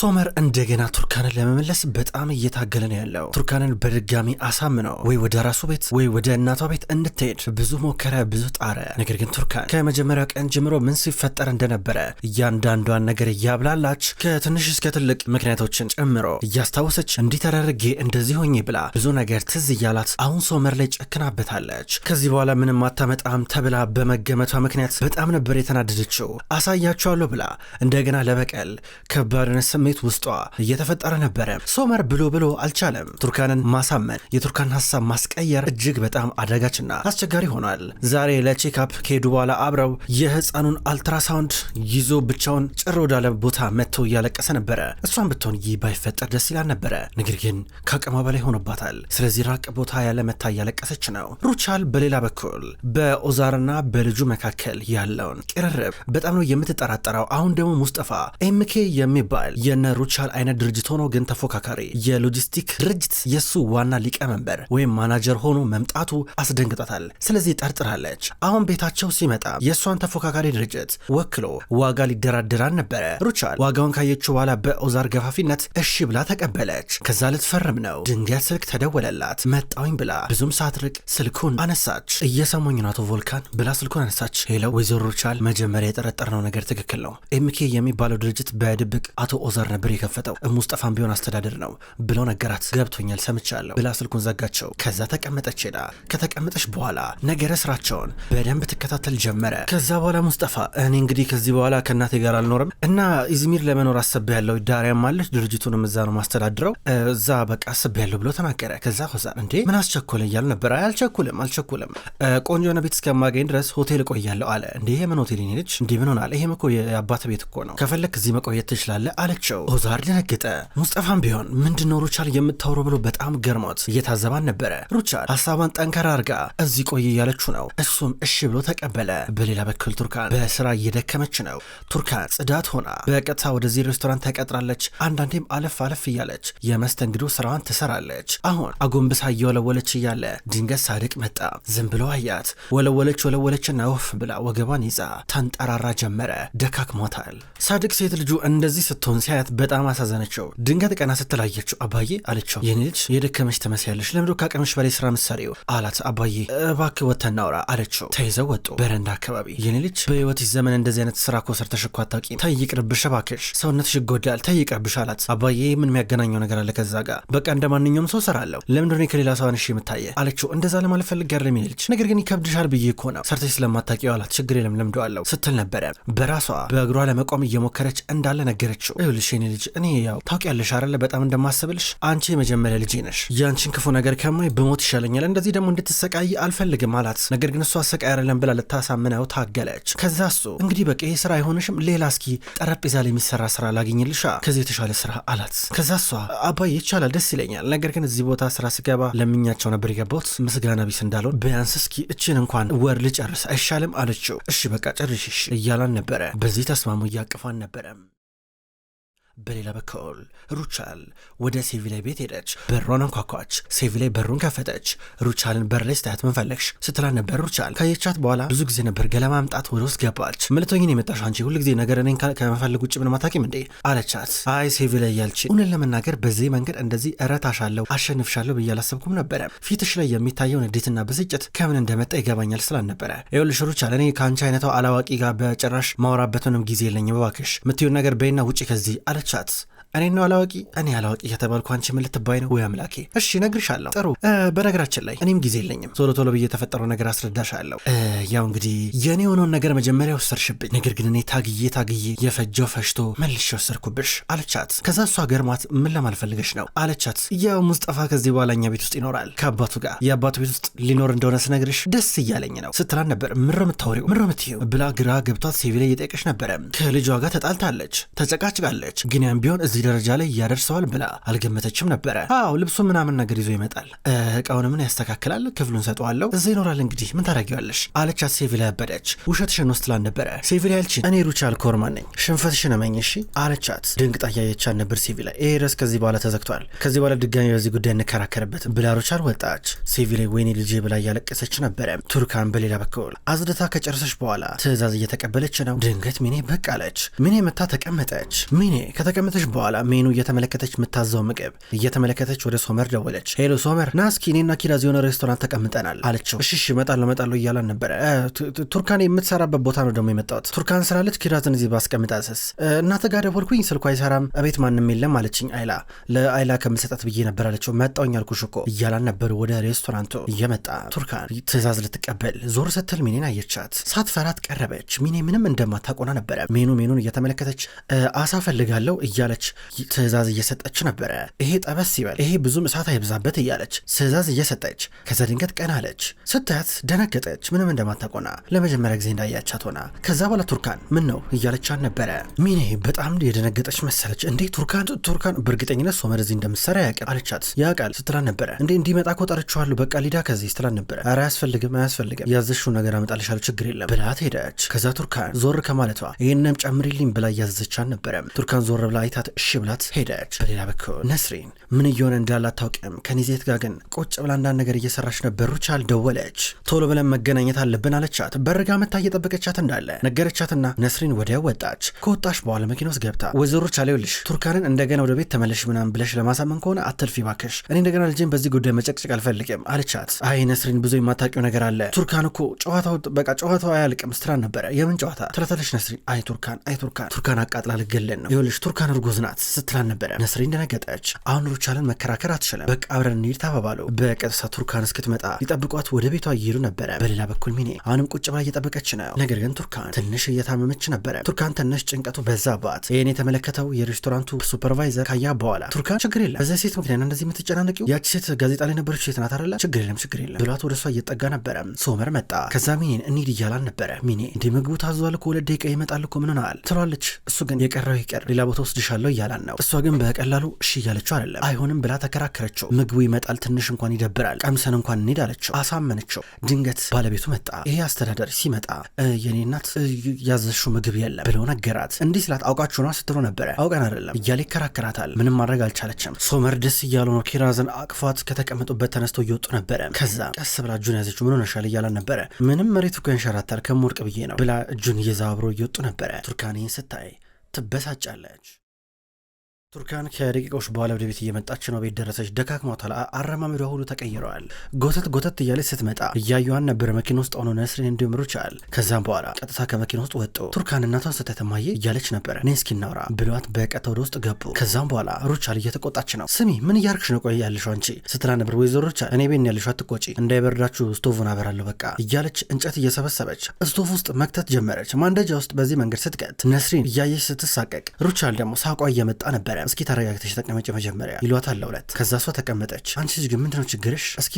ሶመር እንደገና ቱርካንን ለመመለስ በጣም እየታገለ ነው ያለው። ቱርካንን በድጋሚ አሳምነው ወይ ወደ ራሱ ቤት ወይ ወደ እናቷ ቤት እንድትሄድ ብዙ ሞከረ፣ ብዙ ጣረ። ነገር ግን ቱርካን ከመጀመሪያው ቀን ጀምሮ ምን ሲፈጠር እንደነበረ እያንዳንዷን ነገር እያብላላች ከትንሽ እስከ ትልቅ ምክንያቶችን ጨምሮ እያስታወሰች እንዲህ ተደርጌ እንደዚህ ሆኜ ብላ ብዙ ነገር ትዝ እያላት አሁን ሶመር ላይ ጨክናበታለች። ከዚህ በኋላ ምንም አታመጣም ተብላ በመገመቷ ምክንያት በጣም ነበር የተናደደችው። አሳያችኋለሁ ብላ እንደገና ለበቀል ከባድነት ስሜት ስሜት ውስጧ እየተፈጠረ ነበረ። ሶመር ብሎ ብሎ አልቻለም። ቱርካንን ማሳመን፣ የቱርካን ሀሳብ ማስቀየር እጅግ በጣም አዳጋችና አስቸጋሪ ሆኗል። ዛሬ ለቼካፕ ከሄዱ በኋላ አብረው የህፃኑን አልትራሳውንድ ይዞ ብቻውን ጭር ወዳለ ቦታ መጥቶ እያለቀሰ ነበረ። እሷን ብትሆን ይህ ባይፈጠር ደስ ይላል ነበረ። ነገር ግን ከአቅሟ በላይ ሆኖባታል። ስለዚህ ራቅ ቦታ ያለ መታ እያለቀሰች ነው። ሩቻል በሌላ በኩል በኦዛርና በልጁ መካከል ያለውን ቅርርብ በጣም ነው የምትጠራጠረው። አሁን ደግሞ ሙስጠፋ ኤምኬ የሚባል እንደነ ሩቻል አይነት ድርጅት ሆኖ ግን ተፎካካሪ የሎጂስቲክ ድርጅት የእሱ ዋና ሊቀመንበር ወይም ማናጀር ሆኖ መምጣቱ አስደንግጧታል። ስለዚህ ጠርጥራለች። አሁን ቤታቸው ሲመጣ የእሷን ተፎካካሪ ድርጅት ወክሎ ዋጋ ሊደራደራን ነበረ። ሩቻል ዋጋውን ካየችው በኋላ በኦዛር ገፋፊነት እሺ ብላ ተቀበለች። ከዛ ልትፈርም ነው። ድንገት ስልክ ተደወለላት። መጣውኝ ብላ ብዙም ሳትርቅ ስልኩን አነሳች። እየሰሞኝ ነው አቶ ቮልካን ብላ ስልኩን አነሳች። ሄለው ወይዘሮ ሩቻል መጀመሪያ የጠረጠርነው ነገር ትክክል ነው። ኤምኬ የሚባለው ድርጅት በድብቅ አቶ ኦዛር ጋር ነበር የከፈተው። ሙስጠፋን ቢሆን አስተዳደር ነው ብለው ነገራት። ገብቶኛል ሰምቻለሁ ብላ ስልኩን ዘጋቸው። ከዛ ተቀመጠች ሄዳ። ከተቀመጠች በኋላ ነገረ ስራቸውን በደንብ ትከታተል ጀመረ። ከዛ በኋላ ሙስጠፋ እኔ እንግዲህ ከዚህ በኋላ ከእናቴ ጋር አልኖርም እና ኢዝሚር ለመኖር አሰብ ያለው ዳሪያም አለች፣ ድርጅቱንም እዛ ነው ማስተዳድረው እዛ በቃ አሰብ ያለው ብሎ ተናገረ። ከዛ ሆዛ እንዴ ምን አስቸኮለ እያሉ ነበር። አልቸኩልም አልቸኩልም ቆንጆ የሆነ ቤት እስከማገኝ ድረስ ሆቴል እቆያለሁ አለ። እንዴ የምን ሆቴል ኔነች እንዲህ ምን ሆን አለ። ይሄም እኮ የአባት ቤት እኮ ነው፣ ከፈለክ እዚህ መቆየት ትችላለህ አለችው። ነው። ኦዛር ደነገጠ። ሙስጠፋም ቢሆን ምንድነው ሩቻል የምታውረው ብሎ በጣም ገርሞት እየታዘባን ነበረ። ሩቻል ሀሳቧን ጠንከራ አርጋ እዚህ ቆይ እያለችው ነው። እሱም እሺ ብሎ ተቀበለ። በሌላ በኩል ቱርካን በስራ እየደከመች ነው። ቱርካን ጽዳት ሆና በቀጥታ ወደዚህ ሬስቶራንት ተቀጥራለች። አንዳንዴም አለፍ አለፍ እያለች የመስተንግዶ ስራዋን ትሰራለች። አሁን አጎንብሳ እየወለወለች እያለ ድንገት ሳድቅ መጣ። ዝም ብሎ አያት። ወለወለች ወለወለችና ወፍ ብላ ወገቧን ይዛ ተንጠራራ ጀመረ። ደካክሞታል። ሳድቅ ሴት ልጁ እንደዚህ ስትሆን ሲያ ሳያት በጣም አሳዘነችው። ድንገት ቀና ስትላየችው አባዬ አለችው። የኔ ልጅ የደከመች ትመስያለሽ፣ ለምዶ ከአቅምሽ በላይ ስራ ምሰሪው አላት። አባዬ እባክህ ወጥተን እናውራ አለችው። ተይዘው ወጡ። በረንዳ አካባቢ የኔ ልጅ በህይወትሽ ዘመን እንደዚህ አይነት ስራ እኮ ሰርተሽ እኮ አታውቂም። ተይ ይቅርብሽ እባክሽ፣ ሰውነትሽ ይጎዳል። ተይ ይቅርብሽ አላት። አባዬ ምን የሚያገናኘው ነገር አለ ከዛ ጋር? በቃ እንደ ማንኛውም ሰው እሰራለሁ። ለምንድን ነው ከሌላ ሰው አንሽ የምታየ አለችው። እንደዛ ለማለት ያለ የኔ ልጅ፣ ነገር ግን ይከብድሻል ብዬ እኮ ነው ሰርተሽ ስለማታውቂው አላት። ችግር የለም ለምደዋለሁ ስትል ነበረ። በራሷ በእግሯ ለመቆም እየሞከረች እንዳለ ነገረችው። ይኸውልሽ የኔ ልጅ እኔ ያው ታውቂያለሽ አይደለ በጣም እንደማስብልሽ። አንቺ የመጀመሪያ ልጄ ነሽ። ያንቺን ክፉ ነገር ከማይ በሞት ይሻለኛል፣ እንደዚህ ደግሞ እንድትሰቃይ አልፈልግም አላት። ነገር ግን እሷ አሰቃይ አይደለም ብላ ልታሳምነው ታገለች። ከዛ እሱ እንግዲህ በቃ ይህ ስራ አይሆንሽም፣ ሌላ እስኪ ጠረጴዛ ላይ የሚሰራ ስራ ላገኝልሻ፣ ከዚህ የተሻለ ስራ አላት። ከዛ እሷ አባይ ይቻላል፣ ደስ ይለኛል፣ ነገር ግን እዚህ ቦታ ስራ ስገባ ለምኛቸው ነበር የገባሁት ምስጋና ቢስ እንዳልሆን ቢያንስ እስኪ እችን እንኳን ወር ልጨርስ አይሻልም አለችው። እሺ በቃ ጨርሽሽ እያላን ነበረ። በዚህ ተስማሙ እያቅፋን ነበረ። በሌላ በኩል ሩቻል ወደ ላይ ቤት ሄደች። በሯን አንኳኳች። ላይ በሩን ከፈተች። ሩቻልን በር ላይ ስታያት ምን ፈለግሽ ነበር። ሩቻል ካየቻት በኋላ ብዙ ጊዜ ነበር ገለማ ማምጣት ወደ ውስጥ ገባች። ምልቶኝን የመጣሽ አንቺ ሁል ጊዜ ነገር እኔን ከመፈልግ ውጭ ምን ማታቂም እንዴ አለቻት። አይ ሴቪላ እያልች እውነት ለመናገር በዚህ መንገድ እንደዚህ እረታሻለሁ፣ አሸንፍሻለሁ ብዬ አላሰብኩም ነበረ። ፊትሽ ላይ የሚታየውን ንዴትና ብስጭት ከምን እንደመጣ ይገባኛል ስላል ነበረ። ይኸውልሽ ሩቻል እኔ ከአንቺ አይነቷ አላዋቂ ጋር በጭራሽ ማውራበትንም ጊዜ የለኝም። እባክሽ የምትይውን ነገር በይና ውጭ ከዚህ አለች። chats. እኔ ነው አላዋቂ እኔ አላዋቂ ከተባልኩ አንቺ ምን ልትባይ ነው? ወይ አምላኬ። እሺ እነግርሻለሁ። ጥሩ። በነገራችን ላይ እኔም ጊዜ የለኝም። ቶሎ ቶሎ ብዬ የተፈጠረው ነገር አስረዳሻለሁ። ያው እንግዲህ የእኔ የሆነውን ነገር መጀመሪያ ወሰድሽብኝ፣ ነገር ግን እኔ ታግዬ ታግዬ የፈጀው ፈሽቶ መልሼ ወሰድኩብሽ አለቻት። ከዛ እሷ ገርማት ምን ለማልፈልገሽ ነው አለቻት። ያው ሙስጠፋ ከዚህ በኋላ እኛ ቤት ውስጥ ይኖራል ከአባቱ ጋር የአባቱ ቤት ውስጥ ሊኖር እንደሆነ ስነግርሽ ደስ እያለኝ ነው ስትላን ነበር። ምሮ ምታወሪው ምሮ ምትየው ብላ ግራ ገብቷት ሲቪ ላይ እየጠየቀች ነበረ። ከልጇ ጋር ተጣልታለች፣ ተጨቃጭቃለች። ግን ያም ቢሆን እዚህ ደረጃ ላይ እያደርሰዋል ብላ አልገመተችም ነበረ። አዎ ልብሱ ምናምን ነገር ይዞ ይመጣል፣ እቃውን ምን ያስተካክላል፣ ክፍሉን ሰጠዋለሁ፣ እዛ ይኖራል። እንግዲህ ምን ታደርጊዋለሽ አለቻት። ሴቪላ ያበደች ውሸትሽን ውስጥ ላን ነበረ ሴቪላ ያልችን እኔ ሩቻል ኮርማን ነኝ፣ ሽንፈትሽን እመኝ እሺ አለቻት። ድንግጣ እያየቻት ነበር ሴቪላ። ይሄ ድረስ ከዚህ በኋላ ተዘግቷል፣ ከዚህ በኋላ ድጋሚ በዚህ ጉዳይ እንከራከርበት ብላ ሩቻል ወጣች። ሴቪላ ወይኔ ልጄ ብላ እያለቀሰች ነበረ። ቱርካን በሌላ በኩል አዝድታ ከጨረሰች በኋላ ትዕዛዝ እየተቀበለች ነው። ድንገት ሚኔ በቃ ሚኔ መታ ተቀመጠች። ሚኔ ከተቀመጠች በኋላ በኋላ ሜኑ እየተመለከተች የምታዘው ምግብ እየተመለከተች ወደ ሶመር ደወለች። ሄሎ ሶመር፣ ና እስኪ እኔና ኪራዝ የሆነ ሬስቶራንት ተቀምጠናል አለችው። እሽሽ እመጣለሁ እመጣለሁ እያላን ነበረ። ቱርካን የምትሰራበት ቦታ ነው ደግሞ የመጣሁት። ቱርካን ስላለች ኪራዝን እዚህ ባስቀምጣስስ እናተ ጋር ደወልኩኝ ስልኩ አይሰራም፣ እቤት ማንም የለም አለችኝ። አይላ ለአይላ ከምሰጣት ብዬ ነበር አለችው። መጣውኝ አልኩሽ እኮ እያላን ነበር ወደ ሬስቶራንቱ እየመጣ ቱርካን ትእዛዝ ልትቀበል ዞር ስትል ሚኔን አየቻት። ሳትፈራት ቀረበች። ሚኔ ምንም እንደማታቆና ነበረ። ሜኑ ሜኑን እየተመለከተች አሳ ፈልጋለሁ እያለች ትእዛዝ እየሰጠች ነበረ። ይሄ ጠበስ ይበል፣ ይሄ ብዙም እሳት አይብዛበት እያለች ትእዛዝ እየሰጠች ከዛ ድንገት ቀን አለች። ስታያት ደነገጠች፣ ምንም እንደማታቆና ለመጀመሪያ ጊዜ እንዳያቻት ሆና። ከዛ በኋላ ቱርካን ምን ነው እያለቻት ነበረ። ሚኔ በጣም የደነገጠች መሰለች። እንዴ ቱርካን ቱርካን በእርግጠኝነት ሶመር እዚህ እንደምትሰራ ያውቃል አለቻት። ያውቃል ስትላን ነበረ። እንዴ እንዲመጣ እኮ ጠርቼዋለሁ፣ በቃ ሊዳ ከዚህ ስትላን ነበረ። ኧረ አያስፈልግም፣ አያስፈልግም ያዘሽው ነገር አመጣልሻለሁ፣ ችግር የለም ብላት ሄደች። ከዛ ቱርካን ዞር ከማለቷ ይህንም ጨምሪልኝ ብላ እያዘዘቻን ነበረ። ቱርካን ዞር ብላ አይታት ብላት ሄደች። በሌላ በኩል ነስሪን ምን እየሆነ እንዳለ አታውቅም። ከኒዜት ጋር ግን ቁጭ ብላ አንዳንድ ነገር እየሰራች ነበር። ሩቻል ደወለች። ቶሎ ብለን መገናኘት አለብን አለቻት። በርጋ መታ እየጠበቀቻት እንዳለ ነገረቻትና ነስሪን ወዲያው ወጣች። ከወጣች በኋላ መኪና ውስጥ ገብታ ወይዘሮ ሩቻል ይኸውልሽ ቱርካንን እንደገና ወደ ቤት ተመለሽ ምናምን ብለሽ ለማሳመን ከሆነ አትልፊ ባክሽ፣ እኔ እንደገና ልጄን በዚህ ጉዳይ መጨቅጨቅ አልፈልግም አለቻት። አይ ነስሪን ብዙ የማታውቂው ነገር አለ። ቱርካን እኮ ጨዋታው በቃ ጨዋታው አያልቅም ስትራን ነበረ። የምን ጨዋታ ትላታለች ነስሪን። አይ ቱርካን አይ ቱርካን ቱርካን አቃጥላ ልገለን ነው። ይኸውልሽ ቱርካን እርጉዝ ናት። ስትላን ነበረ። ነስሪን ደነገጠች። አሁን ሩቻልን መከራከር አትችልም። በቃ አብረን እንሂድ ተባባሉ። በቀጥታ ቱርካን እስክትመጣ ሊጠብቋት ወደ ቤቷ እየሄዱ ነበረ። በሌላ በኩል ሚኔ አሁንም ቁጭ ብላ እየጠበቀች ነው። ነገር ግን ቱርካን ትንሽ እየታመመች ነበረ። ቱርካን ትንሽ ጭንቀቱ በዛባት። ይህን የተመለከተው የሬስቶራንቱ ሱፐርቫይዘር ካያ በኋላ ቱርካን ችግር የለም በዚህ ሴት ምክንያት እንደዚህ የምትጨናነቂው ያቺ ሴት ጋዜጣ ላይ ነበረች ሴት ናት አለ። ችግር የለም ችግር የለም ብሏት ወደ እሷ እየጠጋ ነበረ። ሶመር መጣ። ከዛ ሚኔን እንሂድ እያላል ነበረ። ሚኔ እንዲህ ምግቡ ታዟል እኮ ሁለት ደቂቃ ይመጣል እኮ ምንናል ትሏለች። እሱ ግን የቀረው ይቀር ሌላ ቦታ ወስድሻለሁ እያለ እየበላን ነው። እሷ ግን በቀላሉ እሺ እያለችው አይደለም። አይሆንም ብላ ተከራከረችው። ምግቡ ይመጣል፣ ትንሽ እንኳን ይደብራል፣ ቀምሰን እንኳን እንሄድ አለችው። አሳመነችው። ድንገት ባለቤቱ መጣ። ይሄ አስተዳዳሪ ሲመጣ የኔ እናት ያዘሽው ምግብ የለም ብለው ነገራት። እንዲህ ስላት አውቃችሁ ነዋ ስትሎ ነበረ። አውቀን አይደለም እያለ ይከራከራታል። ምንም ማድረግ አልቻለችም። ሶመር ደስ እያለው ነው። ኪራዘን አቅፏት ከተቀመጡበት ተነስተው እየወጡ ነበረ። ከዛ ቀስ ብላ እጁን ያዘችው። ምን ሆነሻል እያላን ነበረ። ምንም መሬቱ ከንሸራታል ከምወድቅ ብዬ ነው ብላ እጁን እየዛብሮ እየወጡ ነበረ። ቱርካኔን ስታይ ትበሳጫለች። ቱርካን ከደቂቃዎች በኋላ ወደ ቤት እየመጣች ነው። ቤት ደረሰች። ደካክሟታል። አረማመዷ ሁሉ ተቀይረዋል። ጎተት ጎተት እያለች ስትመጣ እያዩዋን ነበር። መኪና ውስጥ ሆኖ ነስሪን እንዲምሩ ቻል። ከዛም በኋላ ቀጥታ ከመኪና ውስጥ ወጡ። ቱርካን እናቷን ስተተማየ እያለች ነበረ። እኔ እስኪ እናውራ ብሏት በቀጥታ ወደ ውስጥ ገቡ። ከዛም በኋላ ሩቻል እየተቆጣች ነው። ስሚ ምን እያርክሽ ነው ቆይ ያለሽው አንቺ ስትላ ነበር። ወይዘሮ ሩቻል እኔ ቤት ያለሽው አትቆጪ፣ እንዳይበርዳችሁ ስቶቭን አበራለሁ በቃ እያለች እንጨት እየሰበሰበች ስቶቭ ውስጥ መክተት ጀመረች። ማንደጃ ውስጥ በዚህ መንገድ ስትቀት ነስሪን እያየች ስትሳቀቅ፣ ሩቻል ደግሞ ሳቋ እየመጣ ነበረ። መጀመሪያ እስኪ ተረጋግተሽ ተቀመጭ መጀመሪያ ይሏታል ለሁለት። ከዛ እሷ ተቀመጠች። አንቺ ልጅ ግን ምንድነው ችግርሽ? እስኪ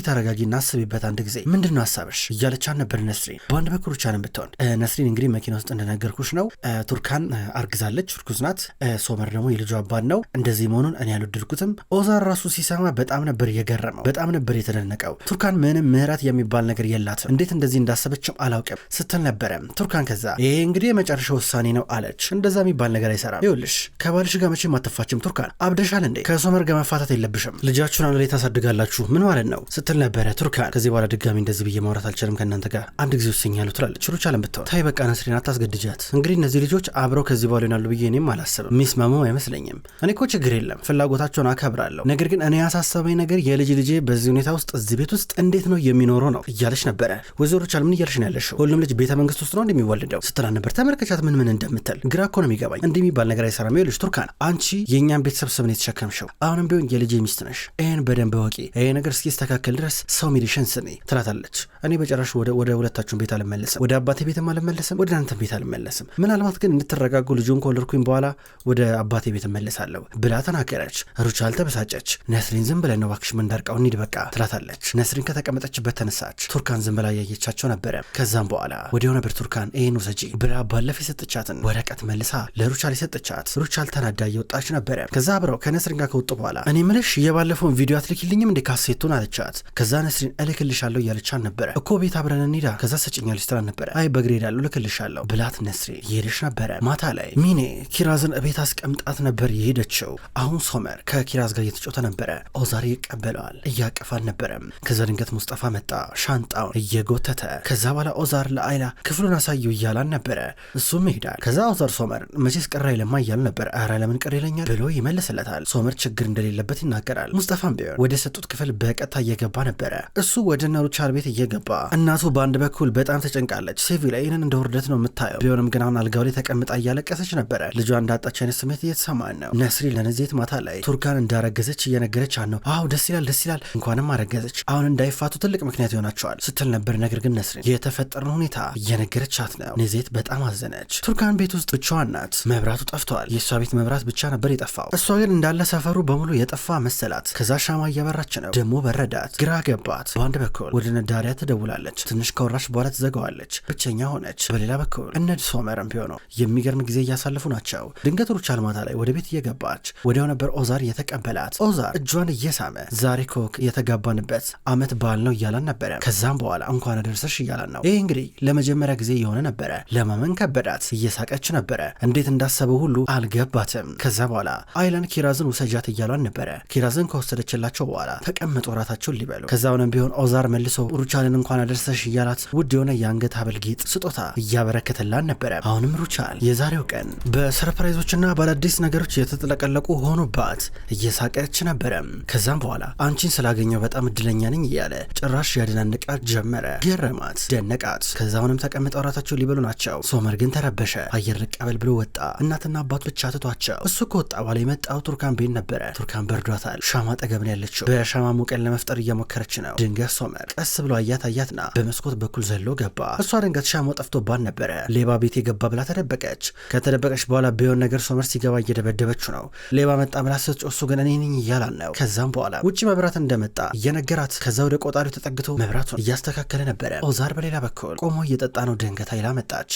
እና አስቢበት አንድ ጊዜ ምንድነው ሀሳብሽ እያለቻን ነበር ነስሪን። በአንድ በኩል ብቻ ነው የምትሆን ነስሪን። እንግዲህ መኪና ውስጥ እንደነገርኩሽ ነው ቱርካን አርግዛለች፣ እርጉዝ ናት። ሶመር ደግሞ የልጁ አባት ነው። እንደዚህ መሆኑን እኔ ያልወደድኩትም። ኦዛር ራሱ ሲሰማ በጣም ነበር የገረመው፣ በጣም ነበር የተደነቀው። ቱርካን ምንም ምህረት የሚባል ነገር የላትም፣ እንዴት እንደዚህ እንዳሰበችም አላውቅም ስትል ነበረ ቱርካን። ከዛ ይሄ እንግዲህ የመጨረሻ ውሳኔ ነው አለች። እንደዛ የሚባል ነገር አይሰራም። ይኸውልሽ ከባልሽ ጋር መቼም አተፋች አልቻለችም። ቱርካን አብደሻል እንዴ? ከሶመር ጋር መፋታት የለብሽም። ልጃችሁን አንድ ላይ ታሳድጋላችሁ ምን ማለት ነው ስትል ነበረ ቱርካን። ከዚህ በኋላ ድጋሚ እንደዚህ ብዬ ማውራት አልችልም ከእናንተ ጋር አንድ ጊዜ ውስኝ ያሉ ትላለች። ሩች አለም ብትሆን ታይ በቃ ነስሪን አታስገድጃት። እንግዲህ እነዚህ ልጆች አብረው ከዚህ በኋላ ይሆናሉ ብዬ እኔም አላስብም። የሚስማሙ አይመስለኝም። እኔ እኮ ችግር የለም ፍላጎታቸውን አከብራለሁ። ነገር ግን እኔ ያሳሰበኝ ነገር የልጅ ልጄ በዚህ ሁኔታ ውስጥ እዚህ ቤት ውስጥ እንዴት ነው የሚኖረው ነው እያለች ነበረ። ወይዘሮ ቻል ምን እያለች ነው ያለሽው? ሁሉም ልጅ ቤተ መንግስት ውስጥ ነው እንደሚወልደው ስትላ ነበር። ተመልከቻት ምን ምን እንደምትል ግራ እኮ ነው የሚገባኝ። እንዲህ የሚባል ነገር አይሰራም። ይኸውልሽ ቱርካን አንቺ የ የእኛን ቤተሰብ ስም ነው የተሸከምሽው። አሁንም ቢሆን የልጅ ሚስት ነሽ። ይህን በደንብ ወቂ። ይሄ ነገር እስኪስተካከል ድረስ ሰው ሚልሽን ስሜ ትላታለች። እኔ በጭራሽ ወደ ሁለታችሁን ቤት አልመለስም፣ ወደ አባቴ ቤትም አልመለስም፣ ወደ እናንተም ቤት አልመለስም። ምናልባት ግን እንድትረጋጉ ልጁን ከወለድኩኝ በኋላ ወደ አባቴ ቤት እመለሳለሁ ብላ ተናገረች። ሩቻ አልተበሳጨች። ነስሪን ዝም ብለን ነው እባክሽ ምንዳርቀው እንሂድ በቃ ትላታለች። ነስሪን ከተቀመጠችበት ተነሳች። ቱርካን ዝም ብላ እያየቻቸው ነበረ። ከዛም በኋላ ወዲያው ነበር ቱርካን ይህን ውሰጂ ብላ ባለፈ የሰጠቻትን ወረቀት መልሳ ለሩቻል የሰጠቻት። ሩቻል ተናዳ እየወጣች ነበር። ነበረ። ከዛ አብረው ከነስሪን ጋር ከወጡ በኋላ እኔ ምልሽ የባለፈውን ቪዲዮ አትልኪልኝም እንዴ ካሴቱን አለቻት። ከዛ ነስሪን እልክልሻለሁ እያለቻት ነበረ። እኮ ቤት አብረን እንሄዳ ከዛ ሰጭኛ ትላት ነበረ። አይ በግሬ ሄዳለሁ እልክልሻለሁ ብላት ነስሪ እየሄደች ነበረ። ማታ ላይ ሚኔ ኪራዝን እቤት አስቀምጣት ነበር የሄደችው። አሁን ሶመር ከኪራዝ ጋር እየተጫወተ ነበረ። ኦዛር ይቀበለዋል፣ እያቀፋ አልነበረም። ከዛ ድንገት ሙስጠፋ መጣ ሻንጣውን እየጎተተ። ከዛ በኋላ ኦዛር ለአይላ ክፍሉን አሳየው እያላን ነበረ። እሱም ይሄዳል። ከዛ ኦዛር ሶመር መቼስ ቅር አይለማ እያል ነበር። አረ ለምን ቅር ይለኛል ብሎ ብሎ ይመልስለታል። ሶመር ችግር እንደሌለበት ይናገራል። ሙስጠፋም ቢሆን ወደ ሰጡት ክፍል በቀጥታ እየገባ ነበረ። እሱ ወደ እነ ቤት እየገባ እናቱ በአንድ በኩል በጣም ተጨንቃለች። ሴቪ ላይ ይህንን እንደ ውርደት ነው የምታየው። ቢሆንም ግን አሁን አልጋው ላይ ተቀምጣ እያለቀሰች ነበረ። ልጇ እንዳጣች አይነት ስሜት እየተሰማን ነው። ነስሪ ለነዜት ማታ ላይ ቱርካን እንዳረገዘች እየነገረች ነው። አዎ ደስ ይላል፣ ደስ ይላል፣ እንኳንም አረገዘች። አሁን እንዳይፋቱ ትልቅ ምክንያት ይሆናቸዋል ስትል ነበር። ነገር ግን ነስሪን የተፈጠረውን ሁኔታ እየነገረቻት ነው። ነዜት በጣም አዘነች። ቱርካን ቤት ውስጥ ብቻዋን ናት። መብራቱ ጠፍቷል። የእሷ ቤት መብራት ብቻ ነበር የጠፋ የጠፋው። እሷ ግን እንዳለ ሰፈሩ በሙሉ የጠፋ መሰላት። ከዛ ሻማ እያበራች ነው፣ ደግሞ በረዳት፣ ግራ ገባት። በአንድ በኩል ወደ ነዳሪያ ትደውላለች፣ ትንሽ ከወራች በኋላ ትዘጋዋለች፣ ብቸኛ ሆነች። በሌላ በኩል እነ ሶመርም ቢሆኑ የሚገርም ጊዜ እያሳለፉ ናቸው። ድንገት ሩቻል ማታ ላይ ወደ ቤት እየገባች ወዲያው ነበር ኦዛር የተቀበላት። ኦዛር እጇን እየሳመ ዛሬ ኮክ የተጋባንበት አመት በዓል ነው እያላን ነበረ። ከዛም በኋላ እንኳን አደረሰሽ እያላን ነው። ይህ እንግዲህ ለመጀመሪያ ጊዜ የሆነ ነበረ። ለማመን ከበዳት፣ እየሳቀች ነበረ። እንዴት እንዳሰበው ሁሉ አልገባትም። ከዛ በኋላ አይለን ኪራዝን ውሰጃት እያሏን ነበረ። ኪራዝን ከወሰደችላቸው በኋላ ተቀመጡ እራታቸውን ሊበሉ። ከዛውንም ቢሆን ኦዛር መልሶ ሩቻልን እንኳን አደርሰሽ እያላት ውድ የሆነ የአንገት ሀብል ጌጥ ስጦታ እያበረከተላን ነበረ። አሁንም ሩቻል የዛሬው ቀን በሰርፕራይዞችና በአዳዲስ ነገሮች የተጥለቀለቁ ሆኑባት እየሳቀች ነበረ። ከዛም በኋላ አንቺን ስላገኘው በጣም እድለኛ ነኝ እያለ ጭራሽ ያደናንቃት ጀመረ። ገረማት፣ ደነቃት። ከዛውንም ተቀምጠው እራታቸው ሊበሉ ናቸው። ሶመር ግን ተረበሸ። አየር ልቀበል ብሎ ወጣ። እናትና አባት ብቻ ትቷቸው እሱ ከወጣ በኋላ የመጣው ቱርካን ቤን ነበረ። ቱርካን በርዷታል። ሻማ ጠገብን ያለችው። በሻማ ሙቀን ለመፍጠር እየሞከረች ነው። ድንገት ሶመር ቀስ ብሎ አያት አያትና በመስኮት በኩል ዘሎ ገባ። እሷ ድንገት ሻማው ጠፍቶባን ነበረ። ሌባ ቤት የገባ ብላ ተደበቀች። ከተደበቀች በኋላ ቢሆን ነገር ሶመር ሲገባ እየደበደበች ነው። ሌባ መጣ ብላ ስትጮህ እሱ ግን እኔ ነኝ እያላን ነው። ከዛም በኋላ ውጭ መብራት እንደመጣ እየነገራት ከዛ ወደ ቆጣሪው ተጠግቶ መብራቱን እያስተካከለ ነበረ። ኦዛር በሌላ በኩል ቆሞ እየጠጣ ነው። ድንገት አይላ መጣች።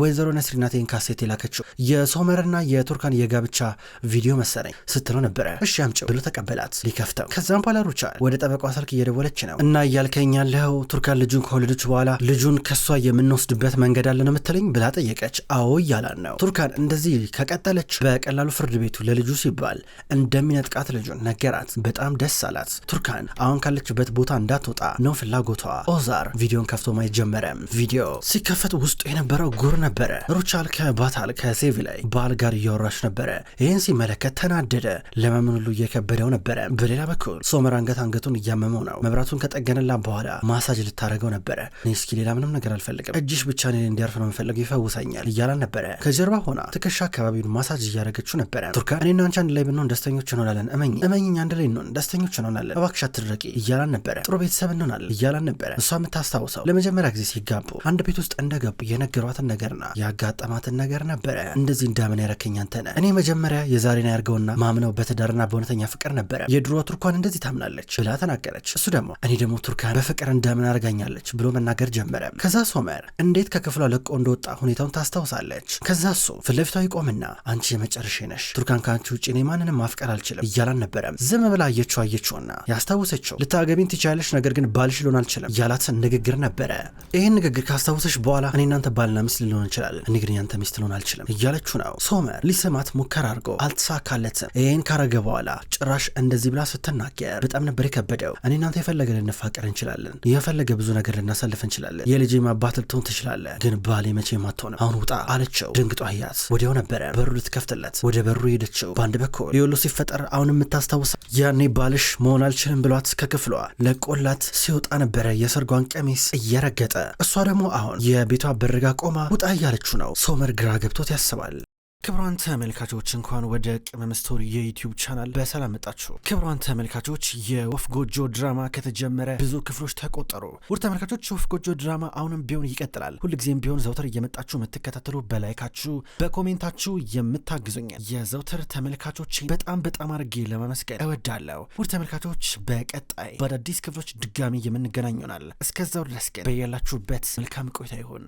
ወይዘሮ ነስሪናቴን ካሴት የላከችው የሶመርና የቱርካን የጋብቻ ቪዲዮ መሰለኝ ስትለው ነበረ። እሺ አምጪው ብሎ ተቀበላት ሊከፍተው። ከዛም በኋላ ሩቻል ወደ ጠበቋ ስልክ እየደወለች ነው እና እያልከኝ ያለው ቱርካን ልጁን ከወለደች በኋላ ልጁን ከሷ የምንወስድበት መንገድ አለ ነው የምትለኝ ብላ ጠየቀች። አዎ እያላን ነው። ቱርካን እንደዚህ ከቀጠለች በቀላሉ ፍርድ ቤቱ ለልጁ ሲባል እንደሚነጥቃት ልጁን ነገራት። በጣም ደስ አላት። ቱርካን አሁን ካለችበት ቦታ እንዳትወጣ ነው ፍላጎቷ። ኦዛር ቪዲዮን ከፍቶ ማየት ጀመረ። ቪዲዮ ሲከፈት ውስጡ የነበረው ጉር ነበረ። ሩቻል ከባታል ከሴቪ ላይ ባል ጋር እያወራች ነበረ። ይህን ሲመለከት ተናደደ። ለመምን ሁሉ እየከበደው ነበረ። በሌላ በኩል ሶመር አንገት አንገቱን እያመመው ነው። መብራቱን ከጠገነላ በኋላ ማሳጅ ልታደረገው ነበረ። እኔ እስኪ ሌላ ምንም ነገር አልፈልግም፣ እጅሽ ብቻ ኔ እንዲያርፍ ነው የምፈልገው፣ ይፈውሰኛል እያላን ነበረ። ከጀርባ ሆና ትከሻ አካባቢውን ማሳጅ እያደረገችው ነበረ። ቱርካ እኔና አንቺ አንድ ላይ ብንሆን ደስተኞች እንሆናለን፣ እመኝ እመኝኝ፣ አንድ ላይ እንሆን ደስተኞች እንሆናለን፣ እባክሽ አትድረቂ እያላን ነበረ። ጥሩ ቤተሰብ እንሆናለን እያላን ነበረ። እሷ የምታስታውሰው ለመጀመሪያ ጊዜ ሲጋቡ አንድ ቤት ውስጥ እንደገቡ የነገሯትን ነገርና ያጋጠማትን ነገር ነበረ። እንደዚህ እንዳምን ያረከኝ እኔ መጀመሪያ ዛሬን ያርገውና ማምነው በትዳርና በእውነተኛ ፍቅር ነበረ። የድሮ ቱርኳን እንደዚህ ታምናለች ብላ ተናገረች። እሱ ደግሞ እኔ ደግሞ ቱርካን በፍቅር እንዳምን አርጋኛለች ብሎ መናገር ጀመረ። ከዛ ሶመር እንዴት ከክፍሏ ለቆ እንደወጣ ሁኔታውን ታስታውሳለች። ከዛ እሱ ፊት ለፊቷ ይቆምና አንቺ የመጨረሻ ነሽ፣ ቱርካን ከአንቺ ውጭ እኔ ማንንም ማፍቀር አልችልም እያላን ነበረም። ዝም ብላ አየችው አየችውና ያስታውሰችው ልታገቢን ትችያለሽ፣ ነገር ግን ባልሽ ልሆን አልችልም እያላት ንግግር ነበረ። ይህን ንግግር ካስታውሰች በኋላ እኔ እናንተ ባልና ሚስት ልንሆን እንችላለን፣ እኔ ግን ያንተ ሚስት ልሆን አልችልም እያለችው ነው። ሶመር ሊስማት ሙከራ አድርጎ አልተሳካለት። ይህን ካረገ በኋላ ጭራሽ እንደዚህ ብላ ስትናገር በጣም ነበር የከበደው። እኔ እናንተ የፈለገ ልንፋቀር እንችላለን፣ የፈለገ ብዙ ነገር ልናሳልፍ እንችላለን፣ የልጄ አባት ልትሆን ትችላለህ፣ ግን ባሌ መቼም አትሆንም። አሁን ውጣ አለችው። ድንግጦ አያት። ወዲያው ነበረ በሩ ልትከፍትለት ወደ በሩ ሄደችው። በአንድ በኩል የወሎ ሲፈጠር አሁን የምታስታውሳ ያኔ ባልሽ መሆን አልችልም ብሏት ከክፍሏ ለቆላት ሲወጣ ነበረ የሰርጓን ቀሚስ እየረገጠ እሷ ደግሞ አሁን የቤቷ በርጋ ቆማ ውጣ እያለችው ነው። ሶመር ግራ ገብቶት ያስባል። ክብሯን ተመልካቾች እንኳን ወደ ቅመም ስቶሪ የዩቲዩብ ቻናል በሰላም መጣችሁ። ክብሯን ተመልካቾች የወፍ ጎጆ ድራማ ከተጀመረ ብዙ ክፍሎች ተቆጠሩ። ውድ ተመልካቾች ወፍ ጎጆ ድራማ አሁንም ቢሆን ይቀጥላል። ሁልጊዜም ቢሆን ዘውተር እየመጣችሁ የምትከታተሉ በላይካችሁ፣ በኮሜንታችሁ የምታግዙኝ የዘውተር ተመልካቾች በጣም በጣም አድርጌ ለማመስገን እወዳለሁ። ውድ ተመልካቾች በቀጣይ በአዳዲስ ክፍሎች ድጋሚ የምንገናኝ ይሆናል። እስከዛው ድረስ ግን በያላችሁበት መልካም ቆይታ ይሁን።